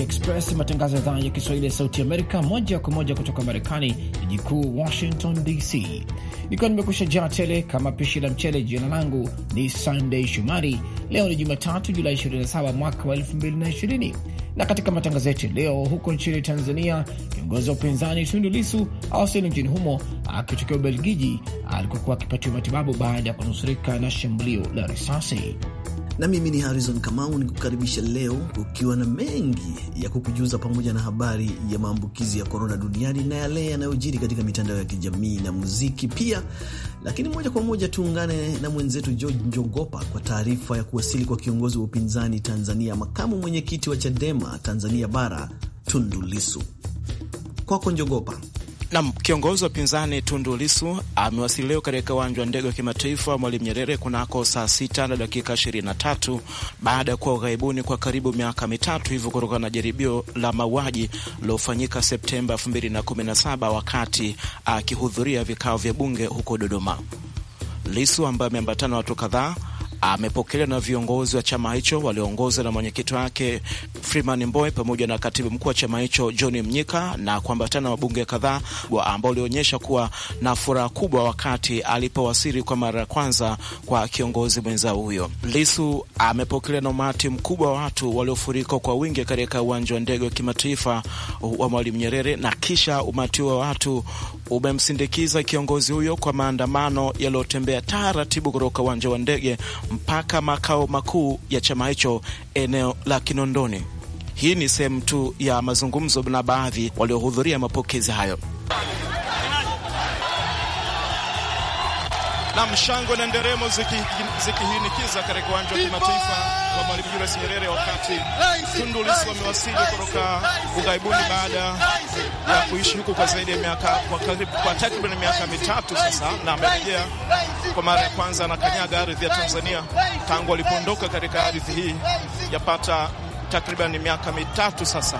Express, matangazo ya idhaa ya Kiswahili ya Sauti Amerika, moja kwa moja kutoka Marekani, jiji kuu Washington DC, nikiwa nimekusha jaa tele kama pishi la mchele. Jina langu ni sandey Shumari. Leo ni Jumatatu, Julai 27 mwaka wa 2020, na katika matangazo yetu leo, huko nchini Tanzania, kiongozi wa upinzani Tundu Lisu awasili nchini humo akitokea Ubelgiji alikokuwa akipatiwa matibabu baada ya kunusurika na shambulio la risasi na mimi ni Harrison Kamau nikukaribisha leo kukiwa na mengi ya kukujuza pamoja na habari ya maambukizi ya korona duniani na yale yanayojiri katika mitandao ya kijamii na muziki pia. Lakini moja kwa moja tuungane na mwenzetu George Njogopa kwa taarifa ya kuwasili kwa kiongozi wa upinzani Tanzania, makamu mwenyekiti wa Chadema Tanzania Bara, Tundu Lissu. Kwako Njogopa. Kiongozi wa pinzani Tundu Lisu amewasili leo katika uwanja wa ndege wa kimataifa wa Mwalimu Nyerere kunako saa sita na dakika 23 baada ya kuwa ughaibuni kwa karibu miaka mitatu hivyo kutokana na jaribio la mauaji lilofanyika Septemba saba wakati akihudhuria vikao vya bunge huko Dodoma. Lisu ambaye ameambatana watu kadhaa amepokelewa na viongozi wa chama hicho walioongozwa na mwenyekiti wake Freeman Mbowe pamoja na katibu mkuu wa chama hicho John Mnyika na kuambatana na wabunge kadhaa ambao walionyesha kuwa na furaha kubwa wakati alipowasili kwa mara ya kwanza kwa kiongozi mwenzao huyo. Lisu amepokelewa na umati mkubwa wa watu waliofurika kwa wingi katika uwanja wa ndege wa kimataifa wa Mwalimu Nyerere, na kisha umati wa watu umemsindikiza kiongozi huyo kwa maandamano yaliyotembea taratibu kutoka uwanja wa ndege mpaka makao makuu ya chama hicho eneo la Kinondoni. Hii ni sehemu tu ya mazungumzo na baadhi waliohudhuria mapokezi hayo. na mshango na nderemo zikihinikiza ziki katika uwanja wa kimataifa wa Mwalimu Julius Nyerere, wakati Tundu Lissu wamewasili kutoka ughaibuni baada ya kuishi huku kwa zaidi ya miaka kwa, kwa takriban miaka mitatu sasa, na amerejea kwa mara ya kwanza anakanyaga ardhi ya Tanzania tangu alipoondoka katika ardhi hii yapata takriban miaka mitatu sasa.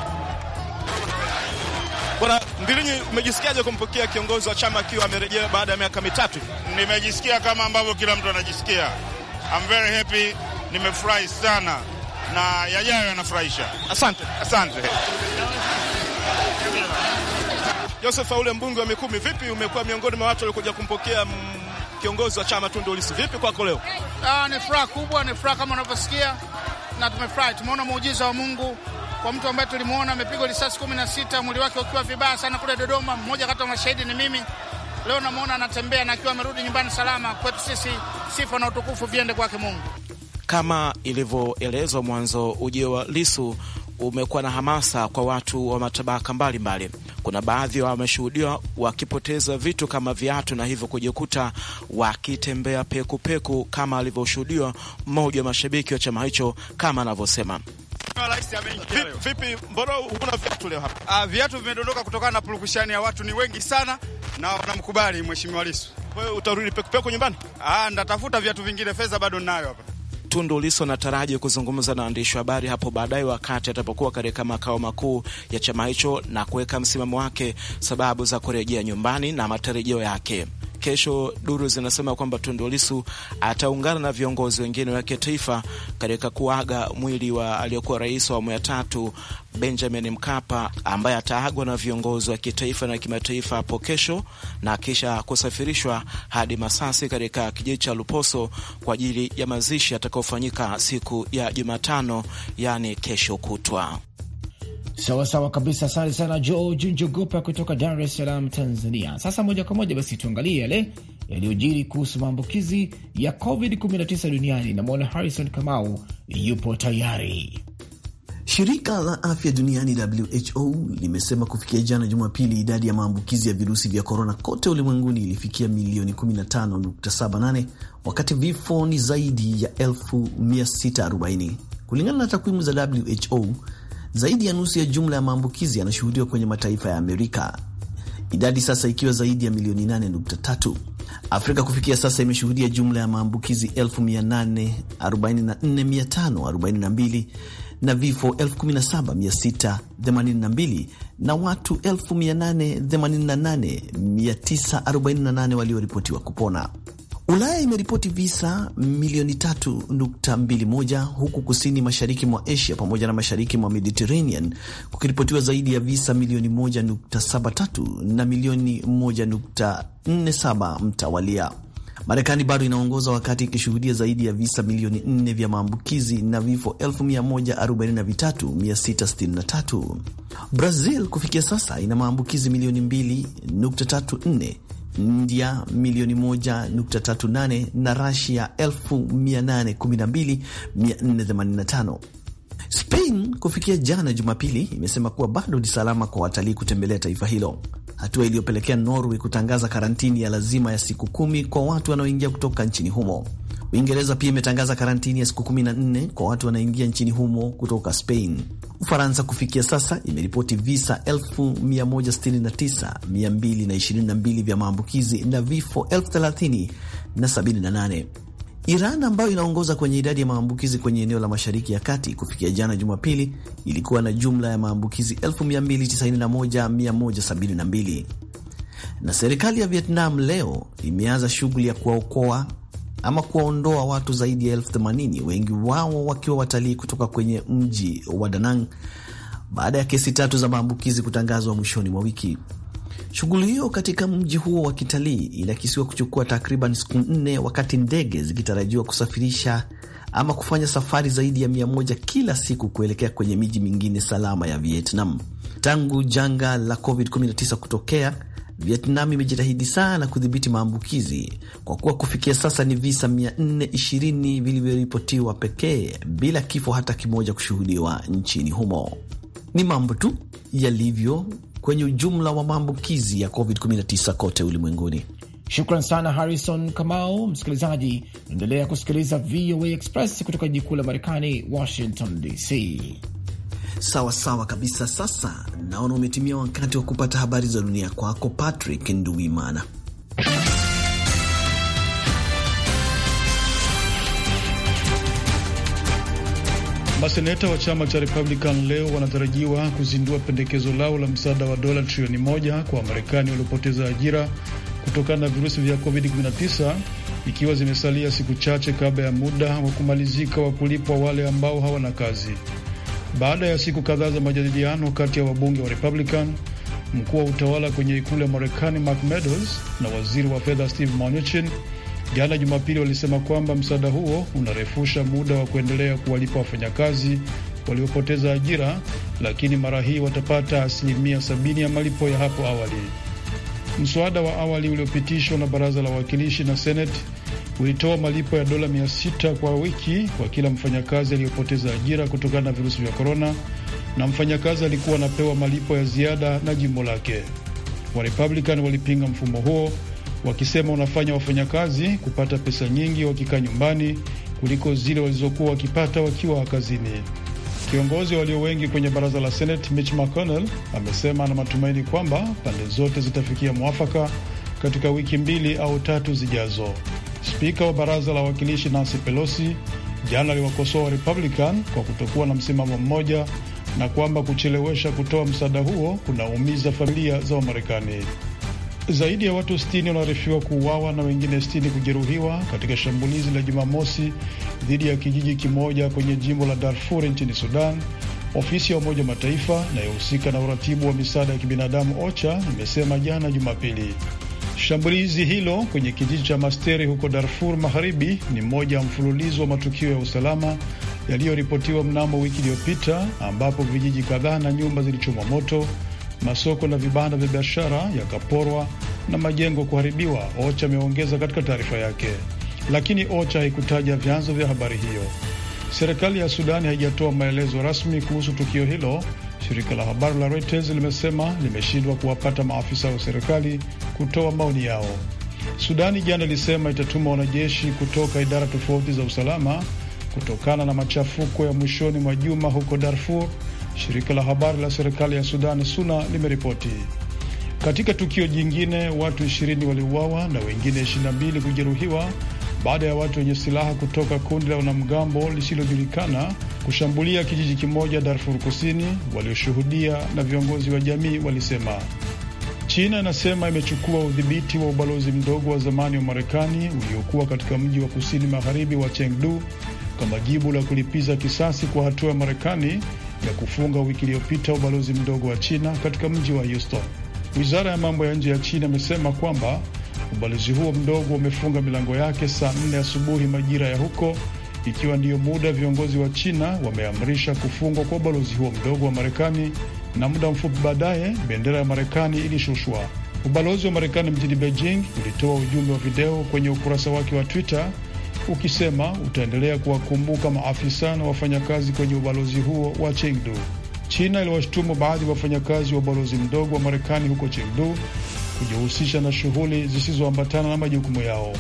Bwana Mbilinyi, umejisikiaje kumpokea kiongozi wa chama akiwa amerejea baada ya miaka mitatu? Nimejisikia kama ambavyo kila mtu anajisikia. I'm very happy, nimefurahi sana na yajayo yanafurahisha. Asante, asante. Joseph Aule, mbunge wa Mikumi, vipi, umekuwa miongoni mwa watu waliokuja kumpokea kiongozi wa chama Tundu Lissu, vipi kwako leo? Ah, ni furaha kubwa, ni furaha kama unavyosikia, na tumefurahi, tumeona muujiza wa Mungu kwa mtu ambaye tulimuona amepigwa risasi kumi na sita mwili wake ukiwa vibaya sana kule Dodoma. Mmoja kati ya mashahidi ni mimi. Leo namuona anatembea na akiwa amerudi nyumbani salama. Kwetu sisi sifa na utukufu viende kwake Mungu. Kama ilivyoelezwa mwanzo, ujio wa Lisu umekuwa na hamasa kwa watu wa matabaka mbalimbali mbali. Kuna baadhi wameshuhudiwa wakipoteza vitu kama viatu na hivyo kujikuta wakitembea pekupeku, kama alivyoshuhudiwa mmoja wa mashabiki wa chama hicho, kama anavyosema. Mheshimiwa Rais ameingia leo. Vipi Mboro, huna viatu leo hapa? Ah, viatu vimedondoka kutokana na purukushani ya watu, ni wengi sana na wanamkubali Mheshimiwa Lissu. Wewe utarudi pekupeko nyumbani? Ah, ndatafuta viatu vingine, fedha bado ninayo hapa. Tundu Lissu anataraji kuzungumza na waandishi wa habari hapo baadaye wakati atapokuwa katika makao makuu ya chama hicho na kuweka msimamo wake, sababu za kurejea nyumbani na matarajio yake. Kesho duru zinasema kwamba Tundu Lissu ataungana na viongozi wengine wa kitaifa katika kuaga mwili wa aliyokuwa rais wa awamu ya tatu Benjamin Mkapa ambaye ataagwa na viongozi wa kitaifa na kimataifa hapo kesho na kisha kusafirishwa hadi Masasi katika kijiji cha Luposo kwa ajili ya mazishi yatakayofanyika siku ya Jumatano, yaani kesho kutwa. Sawa sawa kabisa, asante sana George Njogopa kutoka Dar es Salaam, Tanzania. Sasa moja kwa moja basi tuangalie yale yaliyojiri kuhusu maambukizi ya COVID-19 duniani. Namwona Harrison Kamau yupo tayari. Shirika la afya duniani WHO limesema kufikia jana Jumapili, idadi ya maambukizi ya virusi vya korona kote ulimwenguni ilifikia milioni 15.78 wakati vifo ni zaidi ya 640 kulingana na takwimu za WHO. Zaidi ya nusu ya jumla ya maambukizi yanashuhudiwa kwenye mataifa ya Amerika, idadi sasa ikiwa zaidi ya milioni 8.3. Afrika kufikia sasa imeshuhudia jumla ya maambukizi 844,542 na vifo 17682 na watu 888,948 walioripotiwa kupona. Ulaya imeripoti visa milioni 3.21 huku kusini mashariki mwa Asia pamoja na mashariki mwa Mediterranean kukiripotiwa zaidi ya visa milioni 1.73 na milioni 1.47 mtawalia. Marekani bado inaongoza wakati ikishuhudia zaidi ya visa milioni 4 vya maambukizi na vifo 143663. Brazil kufikia sasa ina maambukizi milioni 2.34 India milioni 1.38 na Russia 812,485. Spain kufikia jana Jumapili imesema kuwa bado ni salama kwa watalii kutembelea taifa hilo, hatua iliyopelekea Norway kutangaza karantini ya lazima ya siku kumi kwa watu wanaoingia kutoka nchini humo. Uingereza pia imetangaza karantini ya siku 14 kwa watu wanaoingia nchini humo kutoka Spain. Ufaransa kufikia sasa imeripoti visa 169222 vya maambukizi na vifo 378 Iran ambayo inaongoza kwenye idadi ya maambukizi kwenye eneo la Mashariki ya Kati, kufikia jana Jumapili ilikuwa na jumla ya maambukizi 291172 na serikali ya Vietnam leo imeanza shughuli ya kuwaokoa ama kuwaondoa watu zaidi ya elfu themanini, wengi wao wakiwa watalii kutoka kwenye mji wa Danang baada ya kesi tatu za maambukizi kutangazwa mwishoni mwa wiki. Shughuli hiyo katika mji huo wa kitalii inakisiwa kuchukua takriban siku nne, wakati ndege zikitarajiwa kusafirisha ama kufanya safari zaidi ya mia moja kila siku kuelekea kwenye miji mingine salama ya Vietnam. Tangu janga la COVID-19 kutokea, Vietnam imejitahidi sana kudhibiti maambukizi kwa kuwa kufikia sasa ni visa 420 vilivyoripotiwa pekee bila kifo hata kimoja kushuhudiwa nchini humo. Ni mambo tu yalivyo kwenye ujumla wa maambukizi ya COVID-19 kote ulimwenguni. Shukran sana Harrison Kamau. Msikilizaji, naendelea kusikiliza VOA Express kutoka jiji kuu la Marekani, Washington DC. Sawa sawa kabisa. Sasa naona umetimia wakati wa kupata habari za dunia kwako, Patrick Nduwimana. Maseneta wa chama cha Republican leo wanatarajiwa kuzindua pendekezo lao la msaada wa dola trilioni moja kwa Wamarekani waliopoteza ajira kutokana na virusi vya COVID-19 ikiwa zimesalia siku chache kabla ya muda wa kumalizika wa kulipwa wale ambao hawana kazi. Baada ya siku kadhaa za majadiliano kati ya wabunge wa Republican, mkuu wa utawala kwenye ikulu ya Marekani Mark Meadows na waziri wa fedha Steve Mnuchin jana Jumapili walisema kwamba msaada huo unarefusha muda wa kuendelea kuwalipa wafanyakazi waliopoteza ajira, lakini mara hii watapata asilimia sabini ya malipo ya hapo awali. Mswada wa awali uliopitishwa na baraza la wawakilishi na Seneti ulitoa malipo ya dola 600 kwa wiki kwa kila mfanyakazi aliyopoteza ajira kutokana na virusi vya korona, na mfanyakazi alikuwa anapewa malipo ya ziada na jimbo lake. Warepublican walipinga mfumo huo wakisema unafanya wafanyakazi kupata pesa nyingi wakikaa nyumbani kuliko zile walizokuwa wakipata wakiwa kazini. Kiongozi walio wengi kwenye baraza la Senate Mitch McConnell amesema ana matumaini kwamba pande zote zitafikia mwafaka katika wiki mbili au tatu zijazo. Spika wa baraza la wawakilishi Nancy Pelosi jana aliwakosoa wa Republican kwa kutokuwa na msimamo mmoja na kwamba kuchelewesha kutoa msaada huo kunaumiza familia za Wamarekani. Zaidi ya watu 60 wanaarifiwa kuuawa na wengine 60 kujeruhiwa katika shambulizi la Jumamosi dhidi ya kijiji kimoja kwenye jimbo la Darfur nchini Sudan. Ofisi ya Umoja Mataifa inayohusika na uratibu wa misaada ya kibinadamu OCHA imesema jana Jumapili. Shambulizi hilo kwenye kijiji cha Masteri huko Darfur Magharibi ni mmoja ya mfululizo wa matukio ya usalama yaliyoripotiwa mnamo wiki iliyopita, ambapo vijiji kadhaa na nyumba zilichomwa moto, masoko na vibanda vya biashara yakaporwa na majengo kuharibiwa, OCHA ameongeza katika taarifa yake, lakini OCHA haikutaja vyanzo vya habari hiyo. Serikali ya Sudani haijatoa maelezo rasmi kuhusu tukio hilo. Shirika la habari la Reuters limesema limeshindwa kuwapata maafisa wa serikali kutoa maoni yao. Sudani jana ilisema itatuma wanajeshi kutoka idara tofauti za usalama kutokana na machafuko ya mwishoni mwa juma huko Darfur, shirika la habari la serikali ya Sudani SUNA limeripoti. Katika tukio jingine, watu 20 waliuawa na wengine 22 kujeruhiwa baada ya watu wenye silaha kutoka kundi la wanamgambo lisilojulikana kushambulia kijiji kimoja Darfur Kusini, walioshuhudia na viongozi wa jamii walisema. China inasema imechukua udhibiti wa ubalozi mdogo wa zamani wa Marekani uliokuwa katika mji wa kusini magharibi wa Chengdu kama jibu la kulipiza kisasi kwa hatua ya Marekani ya kufunga wiki iliyopita ubalozi mdogo wa China katika mji wa Houston. Wizara ya mambo ya nje ya China imesema kwamba ubalozi huo mdogo umefunga milango yake saa nne asubuhi majira ya huko, ikiwa ndiyo muda viongozi wa China wameamrisha kufungwa kwa ubalozi huo mdogo wa Marekani na muda mfupi baadaye bendera ya Marekani ilishushwa. Ubalozi wa Marekani mjini Beijing ulitoa ujumbe wa video kwenye ukurasa wake wa Twitter ukisema utaendelea kuwakumbuka maafisa na wafanyakazi kwenye ubalozi huo wa Chengdu. China iliwashutumu baadhi ya wafanyakazi wa ubalozi mdogo wa Marekani huko Chengdu kujihusisha na shughuli zisizoambatana na majukumu yao.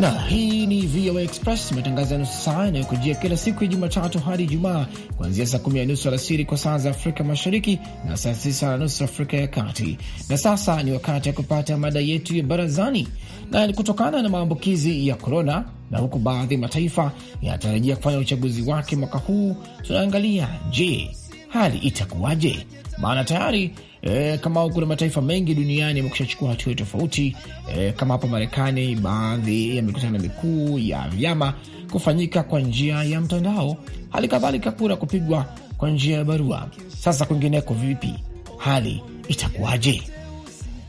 na hii ni VOA Express, matangazo ya nusu saa yanayokujia kila siku ya Jumatatu hadi Ijumaa, kuanzia saa kumi na nusu alasiri kwa saa za Afrika Mashariki na saa tisa na nusu Afrika ya Kati. Na sasa ni wakati wa kupata mada yetu ya barazani, na kutokana na maambukizi ya korona, na huku baadhi ya mataifa yanatarajia kufanya uchaguzi wake mwaka huu, tunaangalia je, hali itakuwaje? Maana tayari E, kama kuna mataifa mengi duniani amekusha chukua hatua tofauti e, kama hapa Marekani, baadhi ya mikutano mikuu ya vyama kufanyika kwa njia ya mtandao, hali kadhalika kura kupigwa kwa njia ya barua. Sasa kwingineko vipi, hali itakuwaje?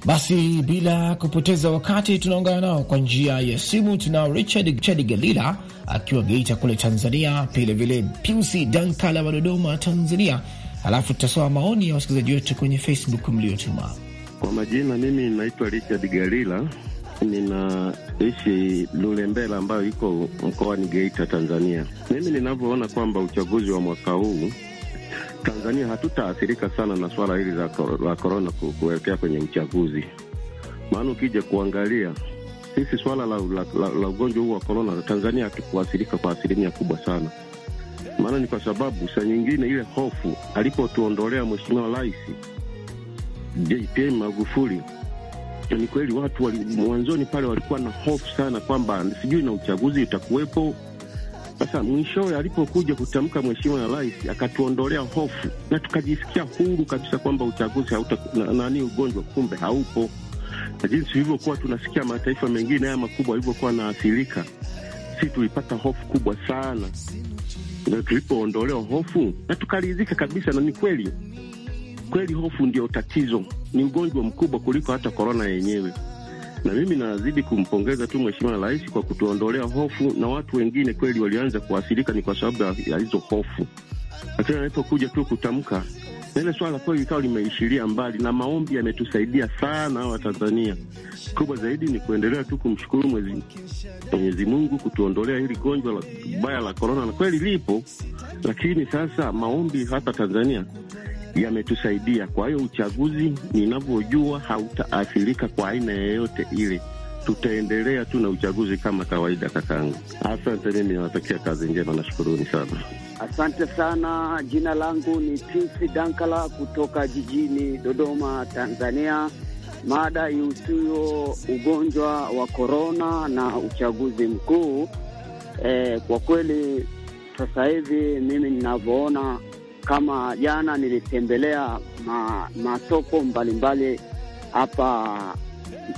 Basi bila kupoteza wakati, tunaungana nao kwa njia ya simu. Tunao Richard Chad Galila akiwa Geita kule Tanzania, vilevile Piusi Dankala wa Dodoma, Tanzania alafu tutasoma maoni ya wasikilizaji wetu kwenye Facebook mliotuma. Kwa majina, mimi naitwa Richard Galila, ninaishi Lulembela ambayo iko mkoani Geita, Tanzania. Mimi ninavyoona kwamba uchaguzi wa mwaka huu Tanzania hatutaathirika sana na swala hili la korona kuelekea kwenye uchaguzi, maana ukija kuangalia sisi swala la, la, la, la ugonjwa huu wa korona Tanzania hatukuathirika kwa asilimia kubwa sana maana ni kwa sababu saa nyingine ile hofu alipotuondolea Mheshimiwa Rais JPM Magufuli, ni kweli watu wali, mwanzoni pale walikuwa na hofu sana kwamba sijui na uchaguzi utakuwepo. Sasa mwishowe alipokuja kutamka Mheshimiwa Rais akatuondolea hofu na tukajisikia huru kabisa kwamba uchaguzi hauta nani, ugonjwa kumbe haupo, na jinsi tulivyokuwa tunasikia mataifa mengine haya makubwa alivyokuwa naathirika, si tulipata hofu kubwa sana na tulipoondolewa hofu na tukaridhika kabisa, na ni kweli kweli, hofu ndio tatizo, ni ugonjwa mkubwa kuliko hata korona yenyewe. Na mimi nazidi kumpongeza tu Mheshimiwa Rais kwa kutuondolea hofu, na watu wengine kweli walianza kuathirika, ni kwa sababu ya hizo hofu, lakini kuja tu kutamka ile swala la kweli likawa limeishiria mbali, na maombi yametusaidia sana tanzania Kubwa zaidi ni kuendelea tu kumshukuru Mwenyezi Mungu kutuondolea hili gonjwa baya la korona, na kweli lipo, lakini sasa maombi hapa Tanzania yametusaidia. Kwa hiyo uchaguzi ninavyojua hautaathirika kwa aina yoyote ile, tutaendelea tu na uchaguzi kama kawaida. Kakangu, asante. Mimi nawatakia kazi njema, nashukuruni sana. Asante sana. Jina langu ni Pisi Dankala kutoka jijini Dodoma, Tanzania. Mada ihusuyo ugonjwa wa korona na uchaguzi mkuu. E, kwa kweli sasa hivi mimi ninavyoona, kama jana nilitembelea ma, masoko mbalimbali hapa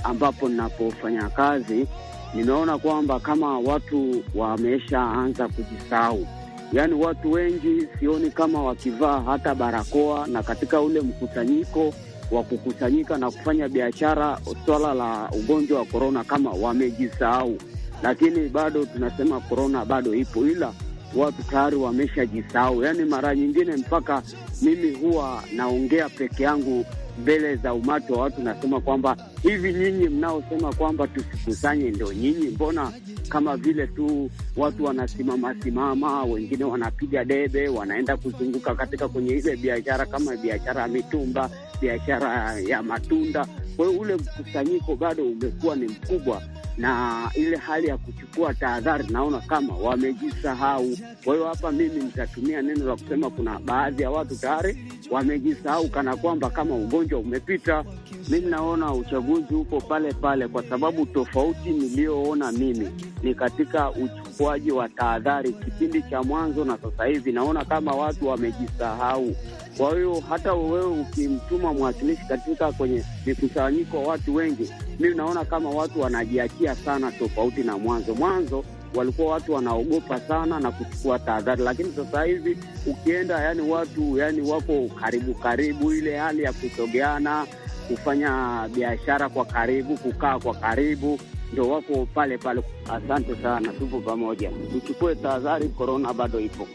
ambapo ninapofanya kazi, nimeona kwamba kama watu wameshaanza kujisahau Yaani watu wengi sioni kama wakivaa hata barakoa, na katika ule mkusanyiko wa kukusanyika na kufanya biashara, swala la ugonjwa wa korona kama wamejisahau. Lakini bado tunasema korona bado ipo, ila watu tayari wameshajisahau. Yaani mara nyingine mpaka mimi huwa naongea peke yangu mbele za umati wa watu nasema kwamba hivi nyinyi mnaosema kwamba tusikusanye, ndio nyinyi, mbona kama vile tu watu wanasimama simama, wengine wanapiga debe, wanaenda kuzunguka katika kwenye ile biashara, kama biashara ya mitumba, biashara ya matunda. Kwa hiyo ule mkusanyiko bado umekuwa ni mkubwa na ile hali ya kuchukua tahadhari, naona kama wamejisahau. Kwa hiyo hapa mimi nitatumia neno la kusema kuna baadhi ya watu tayari wamejisahau, kana kwamba kama ugonjwa umepita. Mimi naona uchaguzi upo pale pale, kwa sababu tofauti niliyoona mimi ni katika uchukuaji wa tahadhari kipindi cha mwanzo na sasa hivi, naona kama watu wamejisahau. Kwa hiyo hata wewe ukimtuma mwakilishi katika kwenye mikusanyiko wa watu wengi, mi naona kama watu wanajiachia sana, tofauti na mwanzo. Mwanzo walikuwa watu wanaogopa sana na kuchukua tahadhari, lakini sasa hivi ukienda, yani watu yani wako karibu karibu, ile hali ya kusogeana, kufanya biashara kwa karibu, kukaa kwa karibu ndio wako pale pale. Asante sana, tupo pamoja, tuchukue tahadhari, korona bado ipo.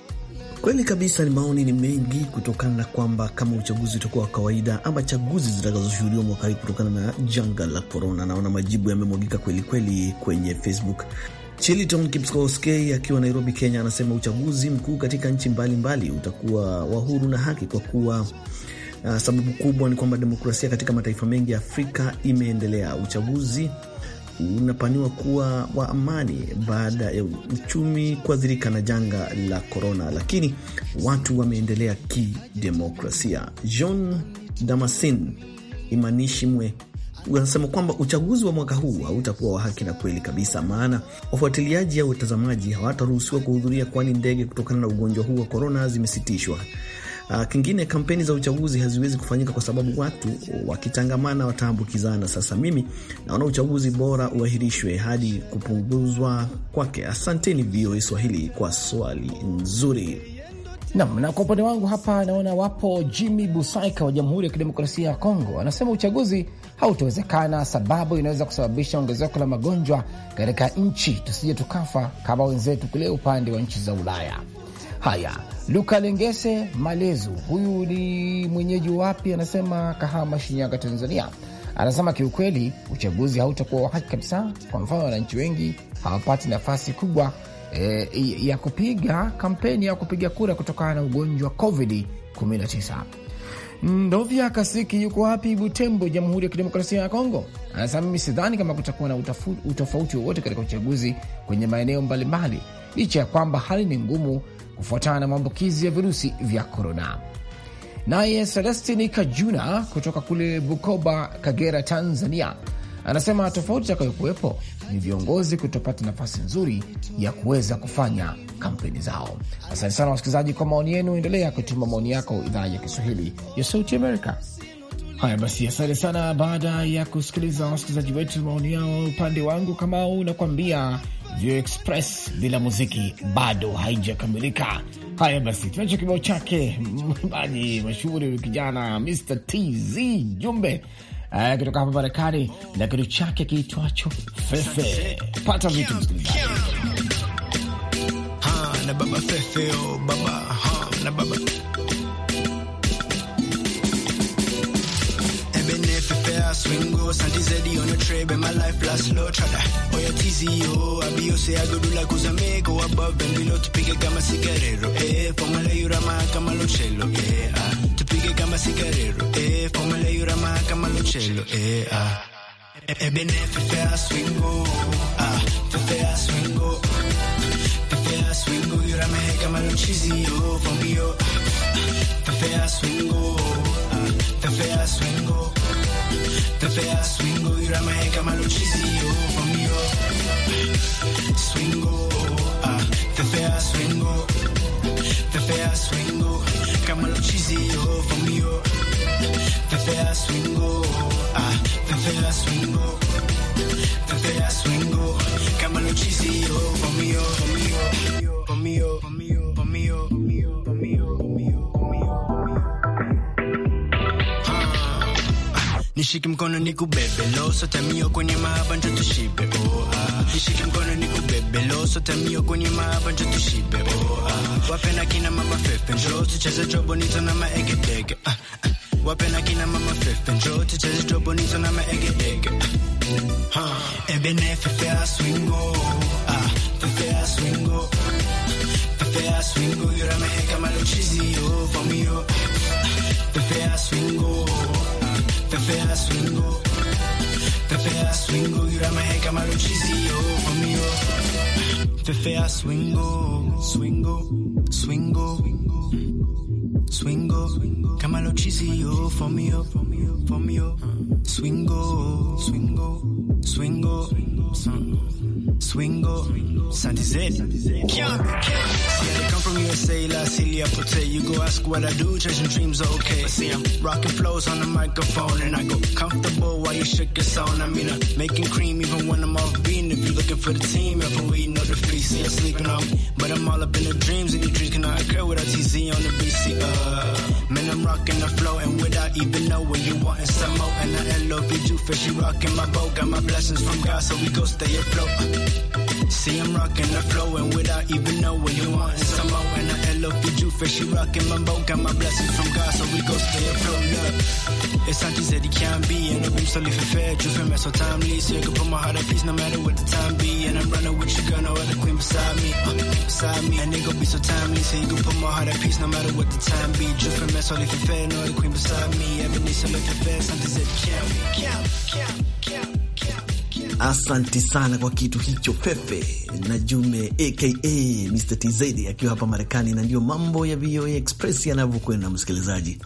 Kweli kabisa, ni maoni ni mengi kutokana na kwamba kama uchaguzi utakuwa wa kawaida ama chaguzi zitakazoshuhudiwa mwaka huu kutokana na janga la korona. Naona majibu yamemwagika kwelikweli kwenye Facebook. Chiliton Kipskoskei akiwa Nairobi, Kenya, anasema uchaguzi mkuu katika nchi mbalimbali utakuwa wa huru na haki kwa kuwa uh, sababu kubwa ni kwamba demokrasia katika mataifa mengi ya Afrika imeendelea. Uchaguzi unapaniwa kuwa wa amani baada ya uchumi kuathirika na janga la korona, lakini watu wameendelea kidemokrasia. John Damasin Imanishimwe wanasema kwamba uchaguzi wa mwaka huu hautakuwa wa haki na kweli kabisa, maana wafuatiliaji au watazamaji hawataruhusiwa kuhudhuria, kwani ndege kutokana na ugonjwa huu wa korona zimesitishwa. Uh, kingine kampeni za uchaguzi haziwezi kufanyika kwa sababu watu wakitangamana wataambukizana. Sasa mimi naona uchaguzi bora uahirishwe hadi kupunguzwa kwake. Asanteni VOA Swahili kwa swali nzuri. Nam, na kwa upande wangu hapa naona wapo Jimmy Busaika wa Jamhuri ya Kidemokrasia ya Kongo anasema uchaguzi hautawezekana, sababu inaweza kusababisha ongezeko la magonjwa katika nchi, tusije tukafa kama wenzetu kule upande wa nchi za Ulaya. Haya, Luka Lengese Malezu, huyu ni mwenyeji wapi? Anasema Kahama, Shinyanga, Tanzania. Anasema kiukweli uchaguzi hautakuwa wa haki kabisa. Kwa mfano, wananchi wengi hawapati nafasi kubwa e, ya kupiga kampeni ya kupiga kura kutokana na ugonjwa wa COVID 19. Ndovya Kasiki yuko wapi? Butembo, Jamhuri ya Kidemokrasia ya Kongo, anasema mimi sidhani kama kutakuwa na utofauti wowote katika uchaguzi kwenye maeneo mbalimbali, licha ya kwamba hali ni ngumu kufuatana na maambukizi ya virusi vya korona. Naye Selestini Kajuna kutoka kule Bukoba, Kagera, Tanzania, anasema tofauti itakayokuwepo ni viongozi kutopata nafasi nzuri ya kuweza kufanya kampeni zao. Asante sana wasikilizaji kwa maoni yenu, endelea kutuma maoni yako idhaa ya Kiswahili ya Sauti Amerika. Haya basi, asante sana. Baada ya kusikiliza wasikilizaji wetu maoni yao, upande wangu Kamau unakuambia Vio Express bila muziki bado haijakamilika. Haya basi, tunacho kibao chake mwimbaji mashuhuri kijana Mr TZ Jumbe uh, kutoka hapa Marekani na kitu chake kiitwacho Fefe. Pata vitu msikilizaji Bring go Santi Zeddy on a tray, but my life plus low trada. Boy, a tizzy, oh, I be you say I go do like Uzame, go above and below to pick a gamma cigarero, eh, for my lay rama, camalo cello, eh, ah, to pick a gamma cigarero, eh, for my lay rama, camalo cello, eh, ah. Ebene fefea swingo, ah, fefea swingo, fefea swingo, yurame camalo chizio, for me, oh, ah. fefea swingo, ah, fefea swingo. tafiya swingo yura mai kama lucisi yo from yo swingo ah swingo swingo kama yo from yo swingo Nishike mkono nikubebe lo sote mio kwenye mahaba njo tushibe oh ah. Nishike mkono nikubebe lo sote mio kwenye mahaba njo tushibe oh ah. Wapenda kina mama fefe njo tucheze jo bonito na maegedege ah, ah. Wapenda kina mama fefe njo tucheze jo bonito na maegedege ah. huh. Ah. Ebene fefe aswingo ah. Fefe aswingo Fefe aswingo yura mehe kama luchizi Chizio from you. Fefea swingo, swingo, swingo, swingo. Kama lo chizio from you, from you, from you. Swingo, swingo, swingo. swingo. Swingo, Yeah, They come from USA, La Cilia Pote. You go ask what I do, chasing dreams are okay. see I'm rocking flows on the microphone, and I go comfortable while you shake your soul. I mean, I'm making cream even when I'm off beat. If you're looking for the team, if we see I'm sleeping on me. But I'm all up in the dreams and you dreams cannot occur without TZ on the BC. Uh, man, I'm rocking the flow and without even knowing you wanting some more. And I love you too, You rocking my boat. Got my blessings from God, so we go stay afloat. See, I'm rocking the flow and without even Fishy rockin' my boat, got my blessing from God, so we go stay afloat up. It's to say it can not be, and I'm så lite förfärd, du för mig so timely, so you gon' put my heart at peace no matter what the time be, and I'm running with you, girl, no other queen beside me, uh, beside me, and they gon' be so timely, so you gon' put my heart at peace no matter what the time be, du för mig så lite förfärd, no other queen beside me, även ni som är förfärd, sant är det can't. kan, kan. Asanti sana kwa kitu hicho Pepe na Jume aka Mr TZ akiwa hapa Marekani, na ndiyo mambo ya VOA Express yanavyokwenda, msikilizaji.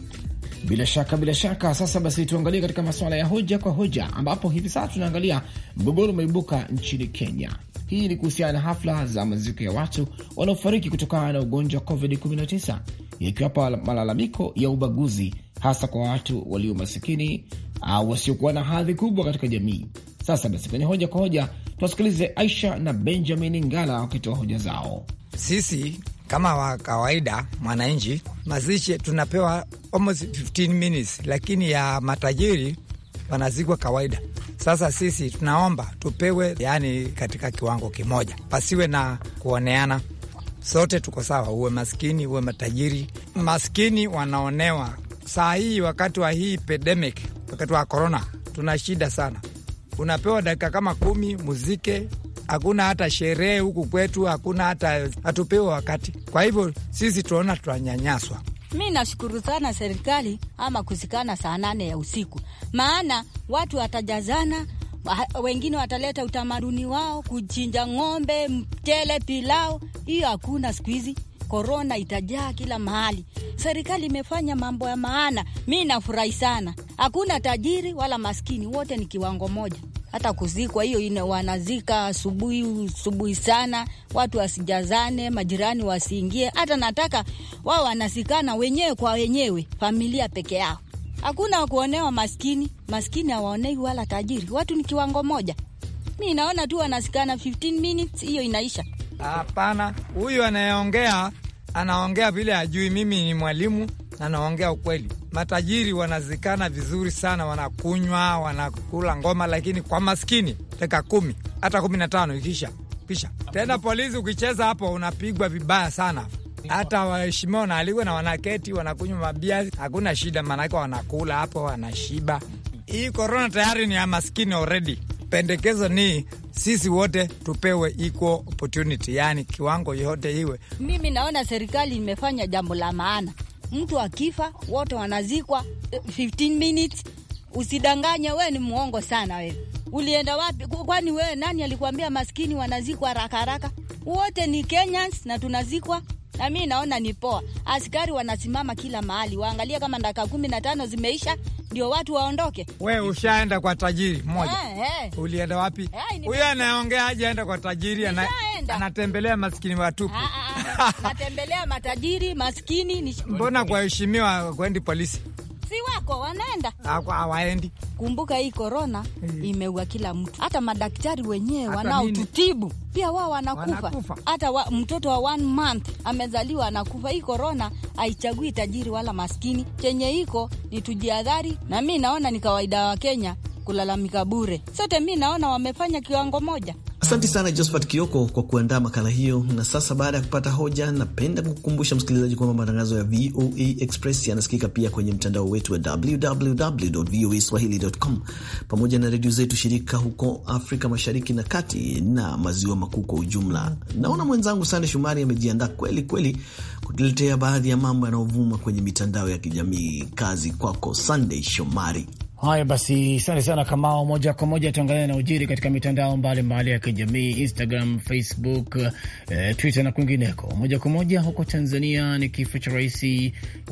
Bila shaka bila shaka. Sasa basi, tuangalie katika masuala ya hoja kwa hoja, ambapo hivi sasa tunaangalia mgogoro umeibuka nchini Kenya. Hii ni kuhusiana na hafla za maziko ya watu wanaofariki kutokana na ugonjwa wa COVID-19, yakiwapa malalamiko ya ubaguzi, hasa kwa watu walio masikini au wasiokuwa na hadhi kubwa katika jamii. Sasa basi, kwenye hoja kwa hoja tuwasikilize Aisha na Benjamin Ngala wakitoa hoja zao. Sisi kama wa kawaida mwananchi, mazishi tunapewa almost 15 minutes, lakini ya matajiri wanazikwa kawaida. Sasa sisi tunaomba tupewe, yani katika kiwango kimoja, pasiwe na kuoneana. Sote tuko sawa, uwe maskini uwe matajiri. Maskini wanaonewa saa hii, wakati wa hii pandemic, wakati wa korona tuna shida sana unapewa dakika kama kumi muzike. Hakuna hata sherehe huku kwetu, hakuna hata hatupewa wakati. Kwa hivyo sisi tunaona tunanyanyaswa. Mi nashukuru sana serikali ama kusikana saa nane ya usiku, maana watu watajazana, wengine wataleta utamaduni wao, kuchinja ng'ombe, mtele, pilau. Hiyo hakuna siku hizi korona itajaa kila mahali. Serikali imefanya mambo ya maana, mi nafurahi sana. Hakuna tajiri wala maskini, wote ni kiwango moja. Hata kuzikwa hiyo wanazika asubuhi subuhi sana, watu wasijazane, majirani wasiingie. Hata nataka wao wanasikana wenyewe kwa wenyewe, familia peke yao. Hakuna wakuonewa maskini, maskini hawaonei wala tajiri, watu ni kiwango moja. Mi naona tu wanasikana 15 minutes, hiyo inaisha. Hapana, huyu anayeongea anaongea vile ajui. Mimi ni mwalimu na naongea ukweli. Matajiri wanazikana vizuri sana, wanakunywa, wanakula ngoma, lakini kwa maskini dakika kumi hata kumi na tano ikisha pisha tena. Polisi ukicheza hapo unapigwa vibaya sana. Hata waheshimiwa wanaaliwa na wanaketi, wanakunywa mabia, hakuna shida, maanake wanakula hapo, wanashiba. Hii korona tayari ni ya maskini already. Pendekezo ni sisi wote tupewe equal opportunity, yani kiwango yote iwe. Mimi naona serikali imefanya jambo la maana. Mtu akifa wote wanazikwa 15 eh, minutes. Usidanganye, we ni mwongo sana wewe. Ulienda wapi? Kwani wewe nani alikuambia maskini wanazikwa haraka haraka? Wote ni Kenyans na tunazikwa na mi naona ni poa. Askari wanasimama kila mahali, waangalia kama dakika kumi na tano zimeisha, ndio watu waondoke. We ushaenda kwa tajiri mmoja, eh, eh. ulienda wapi? Eh, Huyo anaongea aenda kwa tajiri, anatembelea maskini watupu. Ah, ah, ah, Natembelea matajiri maskini. Mbona kwa heshimiwa kwendi polisi? si wako wanaenda hawaendi. Kumbuka hii korona eh. imeua kila mtu, hata madaktari wenyewe wanaotutibu pia wao wanakufa. Hata wa, mtoto wa one month amezaliwa anakufa. Hii korona haichagui tajiri wala maskini, chenye iko ni tujiadhari, na mi naona ni kawaida wa Kenya kulalamika bure. Sote mi naona wamefanya kiwango moja. Asante sana Josphat Kioko kwa kuandaa makala hiyo. Na sasa baada ya kupata hoja, napenda kukukumbusha msikilizaji kwamba matangazo ya VOA e Express yanasikika pia kwenye mtandao wetu wa www voa e swahili.com pamoja na redio zetu shirika huko Afrika Mashariki na Kati na Maziwa Makuu kwa ujumla. Naona mwenzangu Sande Shumari amejiandaa kweli kweli kutuletea baadhi ya mambo yanayovuma kwenye mitandao ya kijamii. Kazi kwako Sande Shomari. Haya basi, asante sana Kamao. Moja kwa moja tuangalia na ujiri katika mitandao mbalimbali mbali ya kijamii, Instagram, Facebook, eh, Twitter na kwingineko. Moja kwa moja huko Tanzania ni kifo cha rais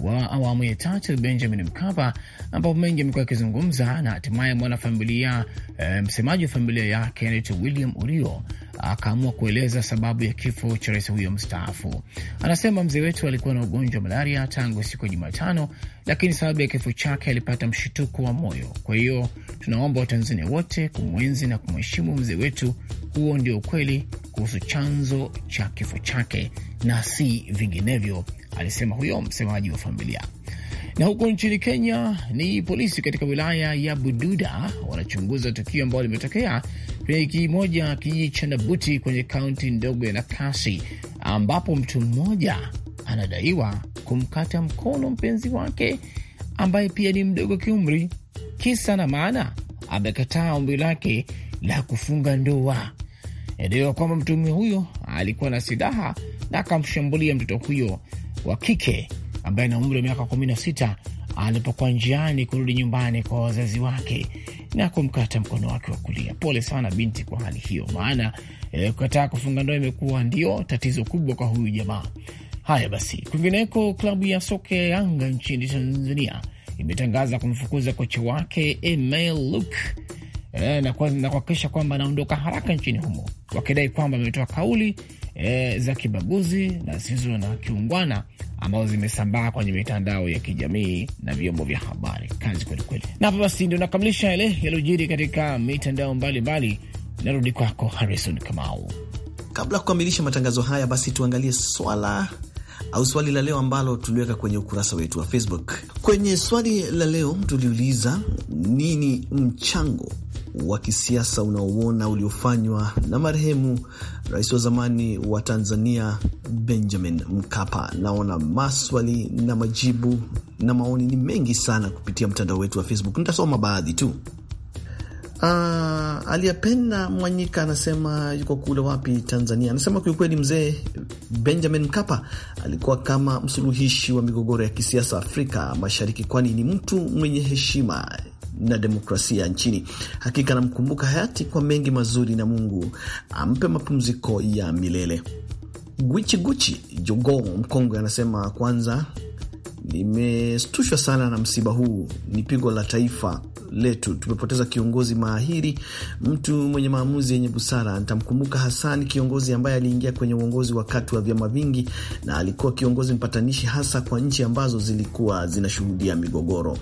wa awamu ya tatu Benjamin Mkapa, ambapo mengi amekuwa akizungumza na hatimaye mwanafamilia eh, msemaji wa familia yake anaitwa William Urio akaamua kueleza sababu ya kifo cha rais huyo mstaafu. Anasema mzee wetu alikuwa na ugonjwa wa malaria tangu siku ya Jumatano, lakini sababu ya kifo chake alipata mshituko wa moyo. Kwa hiyo tunaomba Watanzania wote kumwenzi na kumheshimu mzee wetu. Huo ndio ukweli kuhusu chanzo cha kifo chake na si vinginevyo, alisema huyo msemaji wa familia. Na huko nchini Kenya ni polisi katika wilaya ya Bududa wanachunguza tukio ambalo limetokea kwenye moja kijiji cha Nabuti kwenye kaunti ndogo ya Nakasi, ambapo mtu mmoja anadaiwa kumkata mkono mpenzi wake ambaye pia ni mdogo kiumri. Kisa na maana, amekataa ombi lake la kufunga ndoa. Inadaiwa kwamba mtuhumiwa huyo alikuwa na silaha na akamshambulia mtoto huyo wa kike ambaye ana umri wa miaka sita alipokuwa njiani kurudi nyumbani kwa wazazi wake na kumkata mkono wake wa kulia. Pole sana binti kwa hali hiyo, maana eh, kukataa kufunga ndoa imekuwa ndio tatizo kubwa kwa huyu jamaa. Haya basi, kwingineko, klabu ya soka ya Yanga nchini Tanzania imetangaza kumfukuza kocha wake Emil Luk e, eh, na kuhakikisha kwamba anaondoka haraka nchini humo, wakidai kwamba ametoa kauli e, za kibaguzi na zisizo na kiungwana ambazo zimesambaa kwenye mitandao ya kijamii na vyombo vya habari. Kazi kwelikweli. Na hapa basi ndio nakamilisha yale yaliyojiri katika mitandao mbalimbali. Narudi kwako Harrison Kamau. Kabla ya kukamilisha matangazo haya, basi tuangalie swala au swali la leo ambalo tuliweka kwenye ukurasa wetu wa Facebook. Kwenye swali la leo tuliuliza, nini mchango wa kisiasa unaouona uliofanywa na marehemu rais wa zamani wa Tanzania Benjamin Mkapa. Naona maswali na majibu na maoni ni mengi sana kupitia mtandao wetu wa Facebook. Nitasoma baadhi tu. Uh, ah, aliyapenda Mwanyika anasema yuko kule wapi Tanzania, anasema kiukweli, mzee Benjamin Mkapa alikuwa kama msuluhishi wa migogoro ya kisiasa Afrika Mashariki, kwani ni mtu mwenye heshima na demokrasia nchini. Hakika namkumbuka hayati kwa mengi mazuri, na Mungu ampe mapumziko ya milele. Guchi Guchi Jogoo mkongwe anasema, kwanza nimeshtushwa sana na msiba huu, ni pigo la taifa letu. Tumepoteza kiongozi mahiri, mtu mwenye maamuzi yenye busara. Nitamkumbuka Hasani, kiongozi ambaye aliingia kwenye uongozi wakati wa vyama vingi, na alikuwa kiongozi mpatanishi, hasa kwa nchi ambazo zilikuwa zinashuhudia migogoro.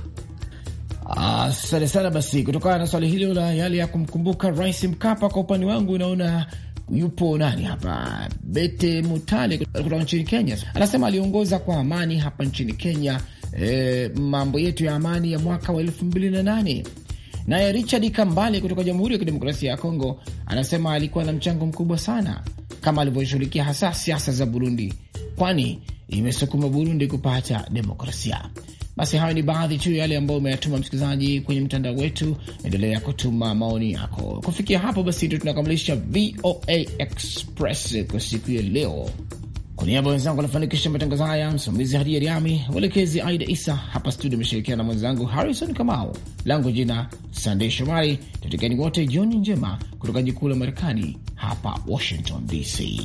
Asante sana. Basi kutokana na swali hilo la yale ya kumkumbuka Rais Mkapa, kwa upande wangu naona yupo nani hapa, Bete Mutale kutoka nchini Kenya, anasema aliongoza kwa amani hapa nchini Kenya, e, mambo yetu ya amani ya mwaka wa elfu mbili na nane. Naye Richard Kambale kutoka Jamhuri ya Kidemokrasia ya Kongo anasema alikuwa na mchango mkubwa sana, kama alivyoshughulikia hasa siasa za Burundi, kwani imesukuma Burundi kupata demokrasia. Basi hayo ni baadhi tu yale ambayo umeyatuma msikilizaji kwenye mtandao wetu. Endelea kutuma maoni yako. Kufikia hapo, basi ndio tunakamilisha VOA Express kwa siku ya leo. Kwa niaba wenzangu wanafanikisha matangazo haya, msimamizi Hadia Riami, mwelekezi Aida Isa, hapa studio ameshirikiana na mwenzangu Harrison Kamau, langu jina Sandey Shomari. tatikani wote jioni njema kutoka jikuu la Marekani, hapa Washington DC.